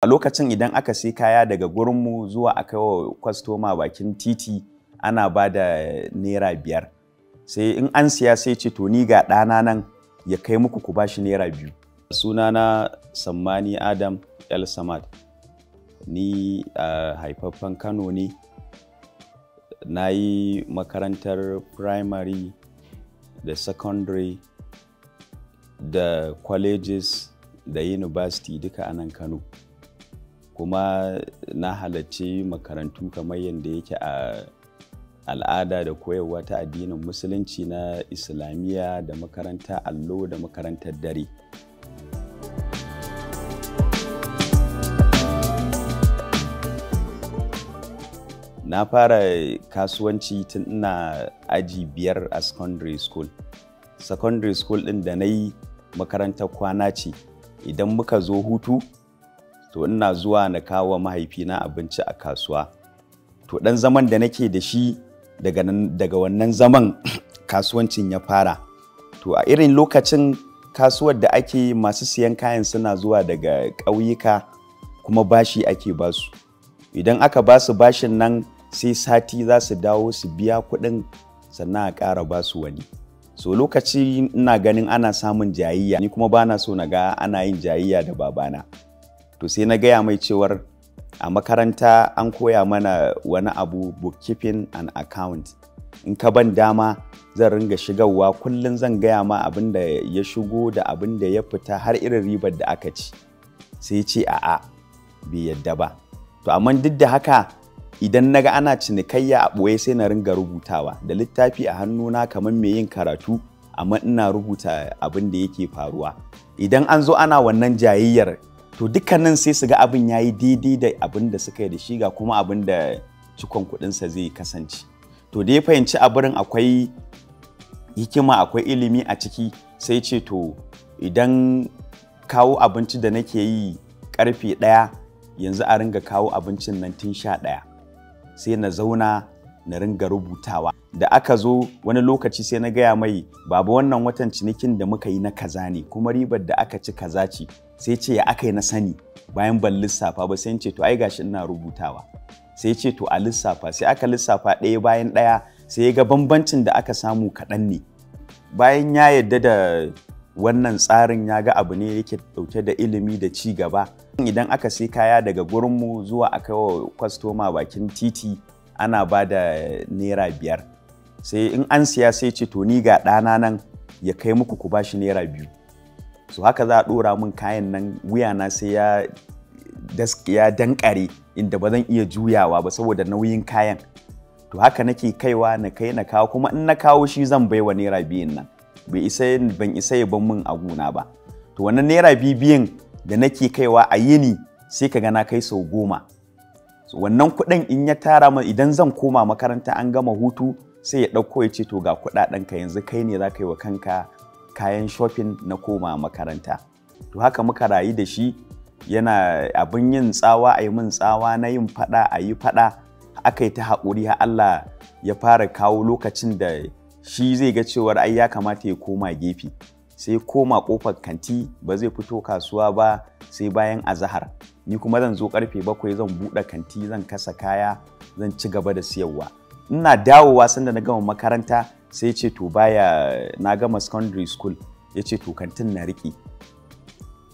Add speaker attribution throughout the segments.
Speaker 1: a lokacin idan aka sai kaya daga gurinmu zuwa a kai wa kwastoma bakin titi ana ba da naira biyar sai in an siya sai ce to ni ga ɗana nan ya kai muku ku bashi naira biyu sunana sammani adam el samad ni uh, haifaffen kano ne na yi makarantar primary da secondary da colleges da university duka a nan kano kuma na halarci makarantu kamar yadda yake a al'ada da koyarwa ta addinin musulunci na islamiyya da makaranta allo da makarantar dare na fara kasuwanci tun ina aji biyar a secondary school secondary school ɗin da na yi makarantar kwana ce idan muka zo hutu to ina zuwa na kawo mahaifina abinci a kasuwa to dan zaman da nake da shi daga, wannan zaman kasuwancin ya fara to a irin lokacin kasuwar da ake masu siyan kayan suna zuwa daga ƙauyuka kuma bashi ake basu idan aka basu bashin nan sai sati za su dawo su biya kuɗin sannan a ƙara basu wani so lokaci ina ganin ana samun jayayya ni kuma bana so na ga ana yin jayayya da babana to sai na gaya mai cewar a makaranta an koya mana wani abu bookkeeping and account in ka ban dama zan ringa shigarwa kullum zan gaya ma abin da ya shigo da abin da ya fita har irin ribar da aka ci sai ce a'a bai yadda ba to amma duk da haka idan na ga ana cinikayya a ɓoye sai na ringa rubutawa da littafi a hannuna kamar mai yin karatu amma ina rubuta abin da yake faruwa idan an zo ana wannan jayayyar to dukkanin sai su ga abin ya yi daidai da abin da suka yi da shi ga kuma abin da cikon kudinsa zai kasance to da ya fahimci abirin akwai hikima akwai ilimi a ciki sai ce to idan kawo abinci da nake yi karfe ɗaya yanzu a ringa kawo abincin nan tun sha ɗaya sai na zauna na ringa rubutawa da aka zo wani lokaci sai na gaya mai babu wannan watan cinikin da muka yi na kaza ne kuma ribar da aka ci kaza ce sai ce ya aka yi na sani bayan ban lissafa ba sai ce to ai gashi ina rubutawa sai ce to a lissafa sai aka lissafa ɗaya bayan ɗaya sai ya ga bambancin da aka samu kaɗan ne bayan ya yadda da wannan tsarin ya ga abu ne yake ɗauke da ilimi da ci gaba idan aka sai kaya daga gurinmu zuwa aka kwastoma bakin titi ana ba da naira biyar sai in an siya sai ce to ni ga ɗana nan ya kai muku ku bashi naira biyu so haka za a ɗora min kayan nan wuyana sai ya ya dankare inda ba zan iya juyawa ba saboda nauyin kayan to haka nake kaiwa na kai na kawo kuma in na kawo shi zan wa naira biyun nan bai isa ban isa ya ban min aguna ba to wannan naira biyun da nake kaiwa a yini sai ka gana kai sau goma wannan kuɗin in ya tara ma idan zan koma makaranta an gama hutu sai ya ɗauko ya ce to ga kuɗaɗen ka yanzu kai ne za ka yi wa kanka kayan shopping na koma makaranta to haka muka rayu da shi yana abin yin tsawa a yi min tsawa na yin faɗa a yi faɗa aka yi ta haƙuri har Allah ya fara kawo lokacin da shi zai ga cewar ai ya kamata ya koma gefe sai koma kofar kanti ba zai fito kasuwa ba sai bayan azahar ni kuma zan zo karfe bakwai zan buɗe kanti zan kasa kaya zan ci gaba da siyarwa ina dawowa sanda na gama makaranta sai ce to baya na gama secondary school ya ce to kantin na riƙe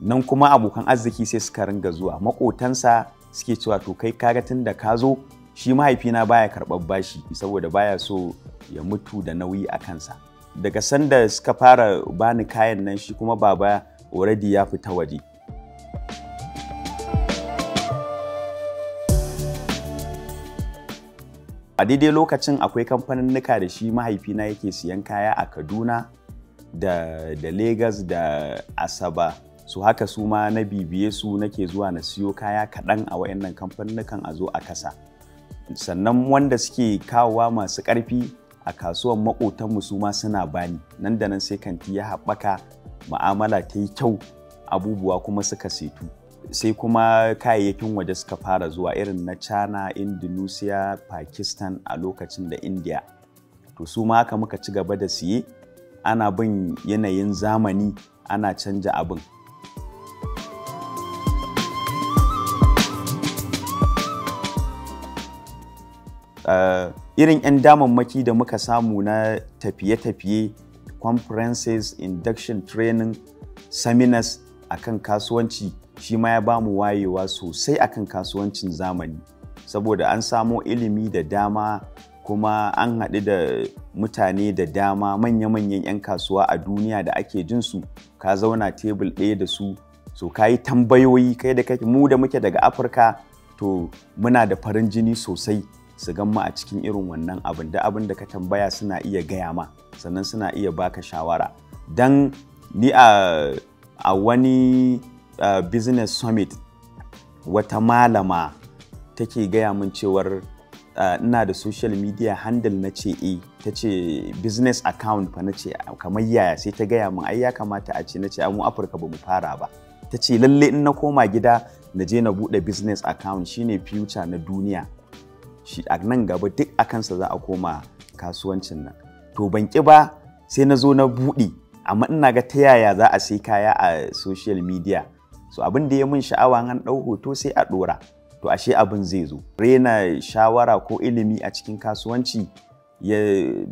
Speaker 1: nan kuma abokan arziki sai suka ringa zuwa maƙotansa suke cewa to kai kaga tun da ka zo shi mahaifina baya karɓar bashi saboda baya so ya mutu da nauyi a kansa daga sanda suka fara bani kayan nan shi kuma baba already ya fita waje. a daidai lokacin akwai kamfaninnika da shi mahaifina yake siyan kaya a kaduna da, da lagos da asaba su haka su ma na bibiye su nake zuwa na siyo kaya kaɗan a wayannan kamfaninnukan a zo a kasa sannan wanda suke kawowa masu ƙarfi a kasuwan maƙotanmu su ma suna bani nan da nan sai kanti ya haɓaka ma'amala ta yi kyau abubuwa kuma suka setu sai kuma kayayyakin waje suka fara zuwa irin na china indonesia pakistan a lokacin da india to su ma haka muka ci gaba da siye ana bin yanayin zamani ana canja abin Uh, irin 'yan damammaki da muka samu na tafiye-tafiye conferences induction training seminars akan kasuwanci shi ma ya bamu wayewa sosai akan kasuwancin zamani saboda an samo ilimi da dama kuma an haɗu da mutane da dama manya-manyan 'yan kasuwa a duniya da ake jin su ka zauna tebul ɗaya da su so ka yi tambayoyi kai da kake mu da muke daga afirka to muna da farin jini sosai su gan mu a cikin irin wannan abin da abin da ka tambaya suna iya gaya ma sannan suna iya baka shawara Dan ni a a wani uh, business summit wata malama take gaya min cewar eh, ina da social media handle na ce e ta ce business account fa na ce kamar yaya sai ta gaya min ai ya kamata a ce na ce mu afirka ba mu fara ba ta ce lalle in na koma gida na je na buɗe business account shine future na duniya shi a nan gaba duk a kansa za a koma kasuwancin nan to ban ƙi ba sai na zo na buɗe amma ina ga ta yaya za a sai kaya a social media so abin da ya mun sha'awa an ɗau hoto sai a ɗora to ashe abin zai zo rena shawara ko ilimi a cikin kasuwanci ya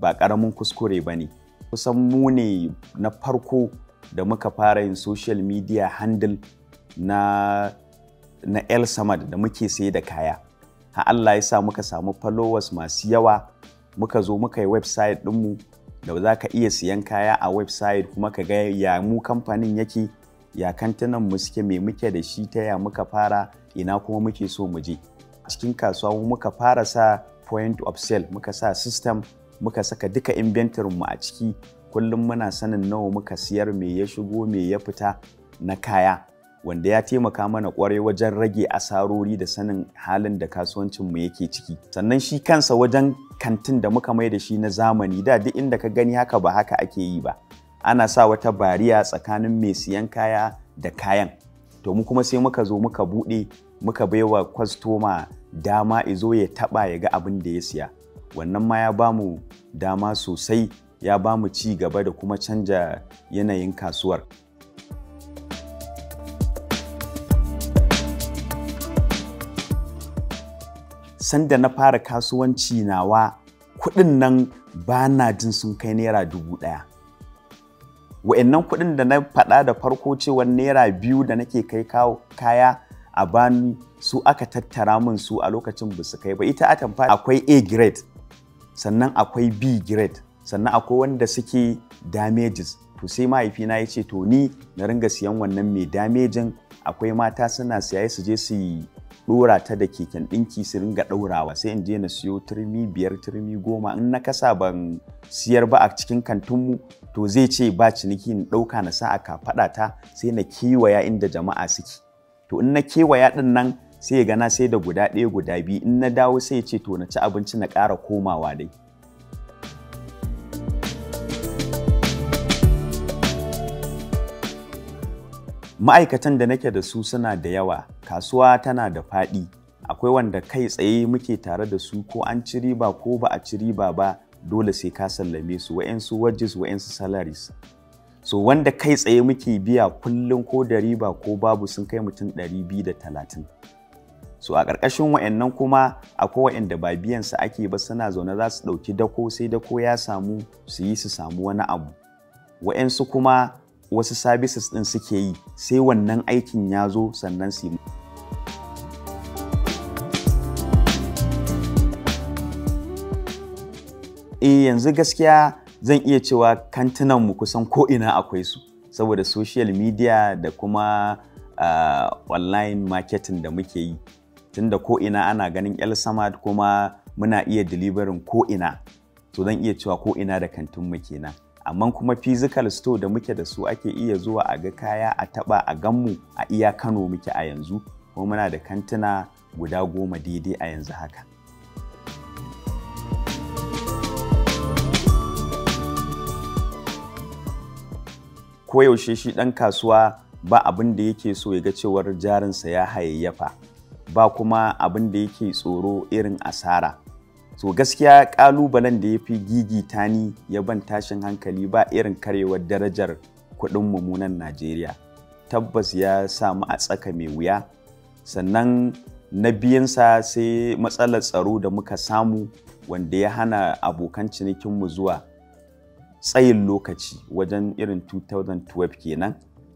Speaker 1: ba ƙaramin kuskure ba ne kusan mu ne na farko da muka fara yin social media handle na na el samad da muke sai da kaya ha Allah ya sa muka samu followers masu yawa muka zo muka yi website ɗinmu da za ka iya siyan kaya a website kuma ka ga ya mu kamfanin yake ya kantinan mu suke mai muke da shi ta ya muka fara ina kuma muke so mu je cikin kasuwa muka fara sa point of sale muka sa system muka saka duka inventory mu a ciki kullum muna sanin nawa muka siyar me ya shigo me ya fita na kaya wanda ya taimaka mana kwarai wajen rage asarori da sanin halin da kasuwancinmu yake ciki sannan shi kansa wajen kantin da muka mai da shi na zamani da duk inda ka gani haka ba haka ake yi ba ana sa wata bariya tsakanin mai siyan kaya da kayan to mu kuma sai muka zo muka buɗe muka baiwa kwastoma dama izo ya taɓa ya ga abin da ya siya wannan ma ya ba mu dama sosai ya ba mu ci gaba da kuma canja yanayin kasuwar sanda na fara kasuwanci nawa kuɗin nan ba na jin sun kai naira dubu ɗaya wa'annan kuɗin da na faɗa da farko cewa naira biyu da nake kai kawo kaya a bani su aka tattara min su a lokacin ba su kai ba ita atamfa akwai a grade sannan akwai b grade sannan akwai wanda suke damages to sai mahaifina ya ce to ni na ringa siyan wannan mai damejin akwai mata suna siyaye su je su yi ɗora ta da keken ɗinki su ringa ɗaurawa sai in je na siyo turmi biyar turmi goma in na kasa ban siyar ba a cikin mu to zai ce ba ciniki na ɗauka na sa a kafaɗa ta sai na kewaya inda jama'a suke to in na kewaya ɗin nan sai ya gana sai da guda ɗaya guda biyu in na dawo sai ya ce to na ci abinci na ƙara komawa dai ma'aikatan da nake da su suna da yawa kasuwa tana da faɗi akwai wanda kai tsaye muke tare da su ko an ci riba ko ba a ci riba ba dole sai ka sallame su wa'yansu wajis wa'yansu salaries so wanda kai tsaye muke biya kullum ko da riba ko babu sun kai mutum 230 so a ƙarƙashin wa'annan kuma akwai wa'anda ba biyan su ake ba suna zaune za su ɗauki dako sai dako ya samu su yi su samu wani abu wa'yansu kuma wasu services ɗin suke yi sai wannan aikin ya zo sannan su yi eh yanzu gaskiya zan iya cewa kantinan mu kusan ko'ina akwai su saboda social media da kuma uh, online marketing da muke yi tunda ko'ina ana ganin el samad kuma muna iya deliverin ko'ina to zan iya cewa ko'ina da kantin mu kenan amma kuma physical store da muke da su ake iya zuwa a ga kaya a taba a ganmu a iya kano muke a yanzu kuma muna da kantuna guda goma daidai a yanzu haka koyaushe shi ɗan kasuwa ba abin da yake so ya ga cewar jarinsa ya hayayyafa ba kuma abin da yake tsoro irin asara to gaskiya kalubalen da ya fi gigita ni ya ban tashin hankali ba irin karewar darajar kuɗin mummunan najeriya tabbas ya samu a tsaka mai wuya sannan na biyansa sai matsalar tsaro da muka samu wanda ya hana abokan cinikinmu zuwa tsayin lokaci wajen irin 2012 kenan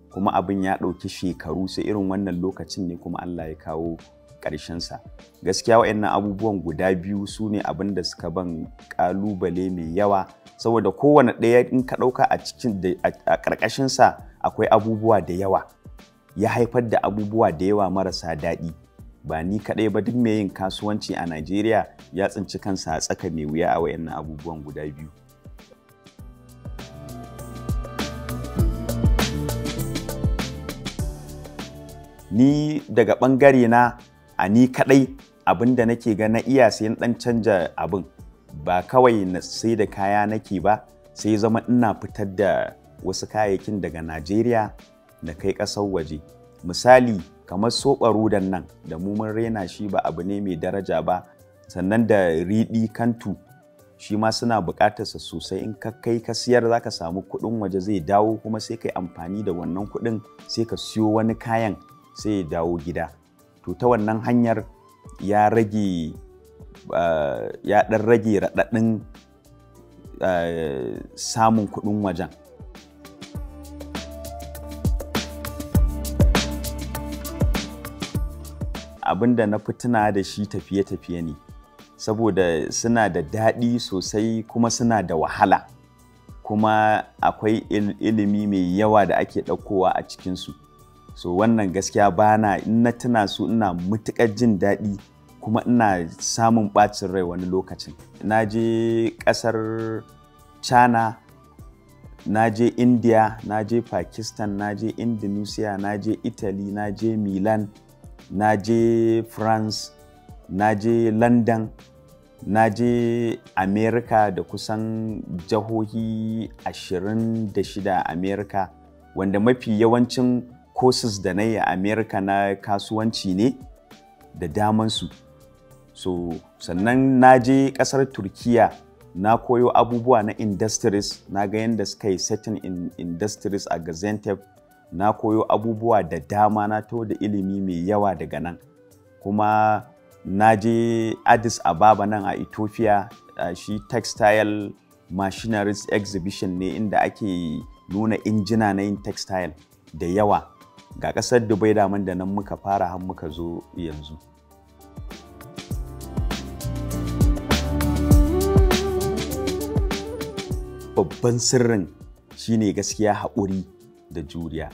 Speaker 1: kuma abin ya ɗauki shekaru sai irin wannan lokacin ne kuma allah ya kawo ƙarshensa gaskiya wa'annan abubuwan guda biyu su ne abin da suka ban ƙalubale mai yawa saboda kowane ɗaya in ka ɗauka a cikin a ƙarƙashinsa akwai abubuwa da yawa ya haifar da abubuwa da yawa marasa daɗi ba ni kaɗai ba duk mai yin kasuwanci a najeriya ya tsinci kansa a tsaka mai wuya a wa'annan abubuwan guda biyu ni daga ɓangare na a ni kaɗai abin da nake ga iya sai na ɗan canja abin ba kawai na sai da kaya nake ba sai zama ina fitar da wasu kayayyakin daga najeriya na kai ƙasar waje misali kamar soɓarudan nan da mu mun rena shi ba abu ne mai daraja ba sannan da riɗi kantu shi ma suna sa sosai in ka kai ka siyar zaka samu kuɗin waje zai dawo kuma sai kai amfani da wannan kuɗin sai ka siyo wani kayan sai ya dawo gida to ta wannan hanyar ya rage eh, ya ɗan rage raɗaɗin eh, samun kuɗin wajen abin da na fituna da shi tafiye-tafiye ne saboda suna da daɗi sosai kuma suna da wahala kuma akwai ilimi mai yawa da ake ɗaukowa a cikinsu so wannan gaskiya bana in na tuna su ina matuƙar jin daɗi kuma ina samun ɓacin rai wani lokacin na je ƙasar china na je india na je pakistan na je indonesia na je italy na je milan na je france na je london na je america da kusan jihohi 26 america wanda mafi yawancin courses da na yi a Amerika na kasuwanci ne da damansu so sannan na je kasar turkiya na koyo abubuwa na industries na ga yadda suka yi setting in industries a gaziantep na koyo abubuwa da dama na to da ilimi mai yawa daga nan kuma na je addis ababa nan a ethiopia a shi textile machineries exhibition ne inda ake nuna injina na yin textile da yawa ga ƙasar dubai daman da nan muka fara har muka zo yanzu babban sirrin shine gaskiya haƙuri da juriya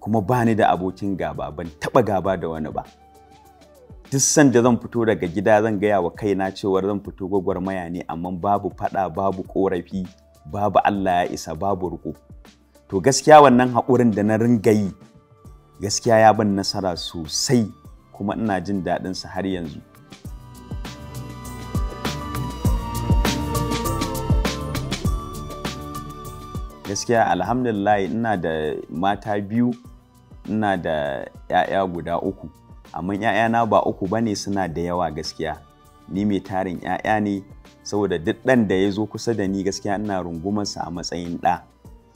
Speaker 1: kuma ba ni da abokin gaba ban taɓa gaba da wani ba duk sanda zan fito daga gida zan gaya wa kaina cewar zan fito gwagwarmaya ne amma babu faɗa babu ƙorafi babu allah ya isa babu riko to gaskiya wannan haƙurin da na ringa yi gaskiya ya ban nasara sosai kuma ina jin daɗinsa har yanzu gaskiya alhamdulillah ina da mata biyu ina da 'ya'ya guda uku amma 'ya'yana ba uku ba ne suna da yawa gaskiya ni mai tarin 'ya'ya ne saboda duk ɗan da ya zo kusa da ni gaskiya ina rungumarsa a matsayin ɗa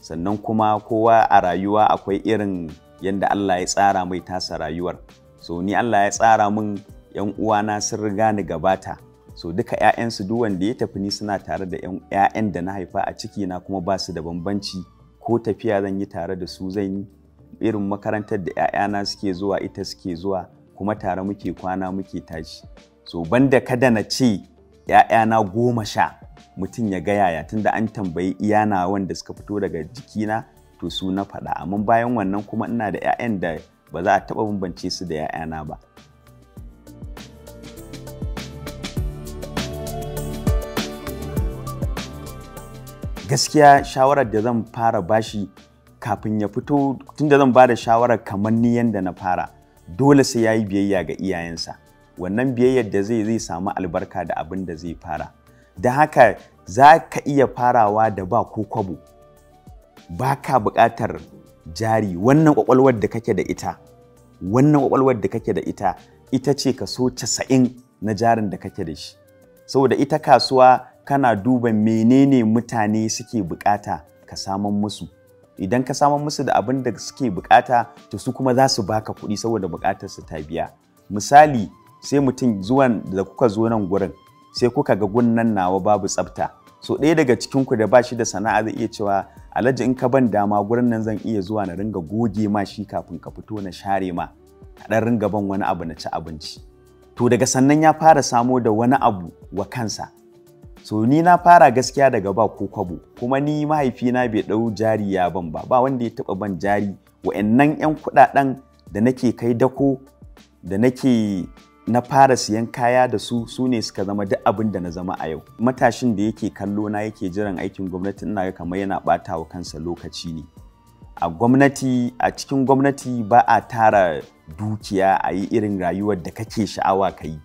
Speaker 1: sannan kuma kowa a rayuwa akwai irin yanda Allah ya tsara mai tasa rayuwar so ni Allah ya tsara min yan uwana sun riga ni gabata so duka 'ya'yansu duk wanda ya tafi ni suna tare da 'ya'yan da na haifa a ciki na kuma ba su da bambanci ko tafiya zan yi tare da su zan yi irin makarantar da 'ya'yana suke zuwa ita suke zuwa kuma tare muke kwana muke tashi so banda kada na ce 'ya'yana goma sha mutum ya ga yaya tunda an tambayi iyana wanda suka fito daga jikina to su na faɗa amma bayan wannan kuma ina da 'ya'yan da ba za a taɓa bambance su da 'ya'yana ba gaskiya shawarar da zan fara bashi kafin ya fito tun da zan ba da shawarar kamar ni yadda na fara dole sai ya yi biyayya ga iyayensa wannan biyayyar da zai zai samu albarka da abin da zai fara da haka za ka iya farawa da ba ko kwabo ba ka buƙatar jari wannan ƙwaƙwalwar da kake da ita wannan ƙwaƙwalwar da kake da ita ita ce ka kaso casa'in na jarin da kake da shi saboda ita kasuwa kana duba menene mutane suke buƙata ka saman musu idan ka saman musu da abin da suke buƙata to su kuma za su baka kuɗi saboda buƙatar su ta biya misali sai mutum zuwan da kuka zo nan gurin sai kuka ga gunnan nawa babu tsafta so ɗaya daga cikin ku da ba shi da sana'a zai iya cewa alhaji in ka ban dama gurin nan zan iya zuwa na ringa goge ma shi kafin ka fito na share ma ka ɗan ringa ban wani abu na ci abinci to daga sannan ya fara samo da wani abu wa kansa so ni na fara gaskiya daga ba ko kwabo kuma ni mahaifina bai ɗau jari ya ban ba ba wanda ya taɓa ban jari wa'annan 'yan kuɗaɗen da nake kai dako da nake na fara siyan kaya da su su ne suka zama duk abin da na zama a yau matashin da yake kallo na yake jiran aikin gwamnati ina ga kamar yana ɓata wa kansa lokaci ne a gwamnati a cikin gwamnati ba a tara dukiya a yi irin rayuwar da kake sha'awa ka yi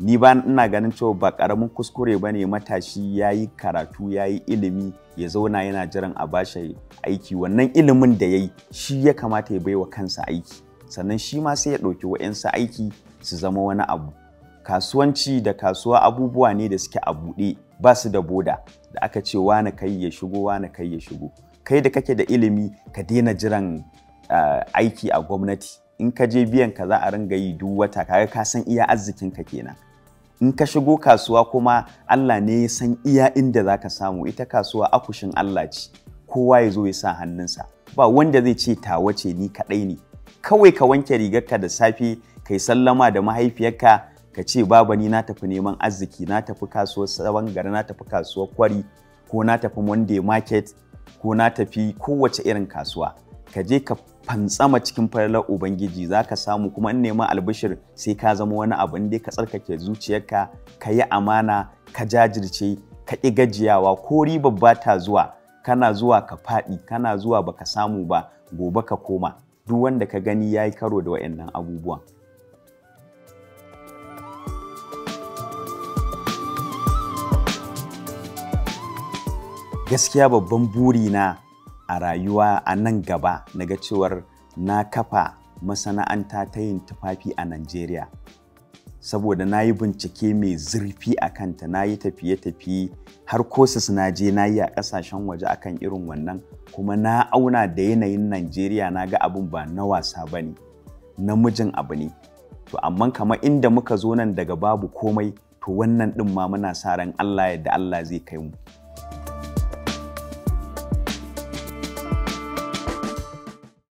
Speaker 1: ni ba ina ganin cewa ba karamin kuskure ba ne matashi ya yi karatu ya yi ilimi ya zauna yana jiran a bashi aiki wannan ilimin da ya yi shi ya kamata ya baiwa kansa aiki sannan shi ma sai ya ɗauki wa'yansa aiki su zama wani abu kasuwanci da kasuwa abubuwa ne da suke a buɗe ba su da boda da aka ce wani kai ya shigo wani kai ya shigo kai da kake da ilimi ka daina jiran eh, aiki a gwamnati in ka je biyan ka za a ringa yi duk wata kaga ka san iya arzikin ka kenan in ka shigo kasuwa kuma Allah ne ya san iya inda za ka samu ita kasuwa akushin Allah ce kowa ya zo ya sa hannunsa ba wanda zai ce tawa ce ni kaɗai ne kawai ka wanke rigarka da safe kai sallama da mahaifiyarka ka ce baba ni na tafi neman arziki na tafi kasuwar sabon gari na tafi kasuwar kwari ko na tafi monday market ko na tafi kowace irin kasuwa ka je ka fantsama cikin falalar ubangiji za ka samu kuma in neman albishir sai ka zama wani abu in ka tsarkake zuciyarka ka yi amana ka jajirce ka ƙi gajiyawa ko ribar ba ta zuwa kana zuwa ka faɗi kana zuwa baka samu ba gobe ka koma duk wanda ka gani ya yi karo da waɗannan abubuwan gaskiya babban burina a rayuwa a nan gaba na ga cewar na kafa masana'anta ta yin tufafi a Najeriya. Saboda na yi bincike mai zurfi a kanta na yi tafiye-tafiye har kosis na je na yi a ƙasashen waje akan irin wannan kuma na auna da yanayin Najeriya na ga abin ba na wasa ba ne, namijin abu ne. To amma kamar inda muka zo nan daga babu komai to wannan ɗin ma muna sa ran Allah yadda Allah zai kai mu.